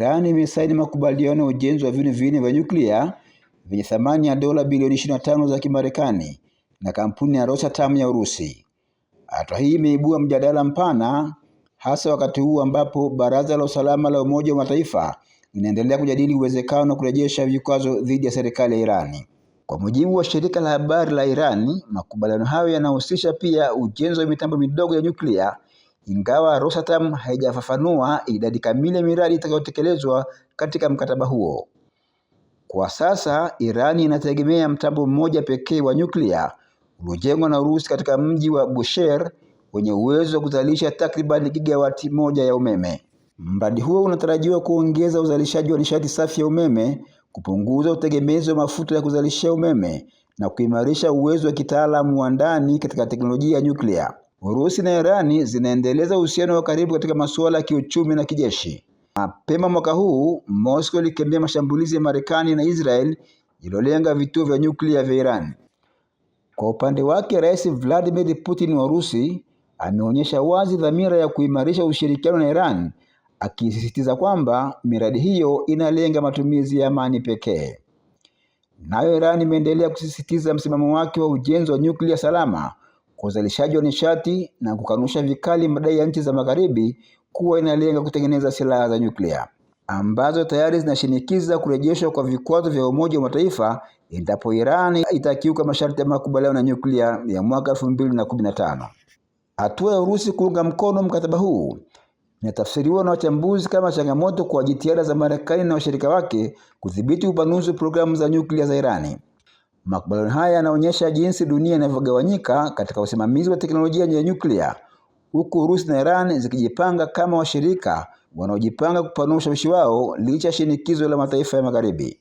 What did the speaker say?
Iran imesaini makubaliano ya ujenzi wa vinu vinne vya nyuklia vyenye thamani ya dola bilioni 25 za Kimarekani na kampuni ya Rosatom ya Urusi. Hatua hii imeibua mjadala mpana hasa wakati huu ambapo Baraza la Usalama la Umoja wa Mataifa linaendelea kujadili uwezekano wa kurejesha vikwazo dhidi ya serikali ya Irani. Kwa mujibu wa shirika la habari la Irani, makubaliano hayo yanahusisha pia ujenzi wa mitambo midogo ya nyuklia ingawa Rosatom haijafafanua idadi kamili ya miradi itakayotekelezwa katika mkataba huo. Kwa sasa, Irani inategemea mtambo mmoja pekee wa nyuklia uliojengwa na Urusi katika mji wa Bushehr wenye uwezo wa kuzalisha takriban gigawati moja ya umeme. Mradi huo unatarajiwa kuongeza uzalishaji wa nishati safi ya umeme, kupunguza utegemezi wa mafuta ya kuzalishia umeme na kuimarisha uwezo wa kitaalamu wa ndani katika teknolojia ya nyuklia. Urusi na Irani zinaendeleza uhusiano wa karibu katika masuala ya kiuchumi na kijeshi. Mapema mwaka huu, Moscow ilikemea mashambulizi ya Marekani na Israel yaliyolenga vituo vya nyuklia vya Iran. Kwa upande wake, Rais Vladimir Putin wa Urusi ameonyesha wazi dhamira ya kuimarisha ushirikiano na Iran, akisisitiza kwamba miradi hiyo inalenga matumizi ya amani pekee. Nayo Iran imeendelea kusisitiza msimamo wake wa ujenzi wa nyuklia salama kwa uzalishaji wa nishati na kukanusha vikali madai ya nchi za Magharibi kuwa inalenga kutengeneza silaha za nyuklia ambazo tayari zinashinikiza kurejeshwa kwa vikwazo vya Umoja wa Mataifa endapo Iran itakiuka masharti ya makubaliano ya nyuklia ya mwaka 2015. Hatua ya Urusi kuunga mkono mkataba huu inatafsiriwa na wachambuzi kama changamoto kwa jitihada za Marekani na washirika wake kudhibiti upanuzi programu za nyuklia za Irani. Makubaliano haya yanaonyesha jinsi dunia inavyogawanyika katika usimamizi wa teknolojia ya nyuklia, huku Urusi na Iran zikijipanga kama washirika wanaojipanga kupanua ushawishi wao licha ya shinikizo la mataifa ya Magharibi.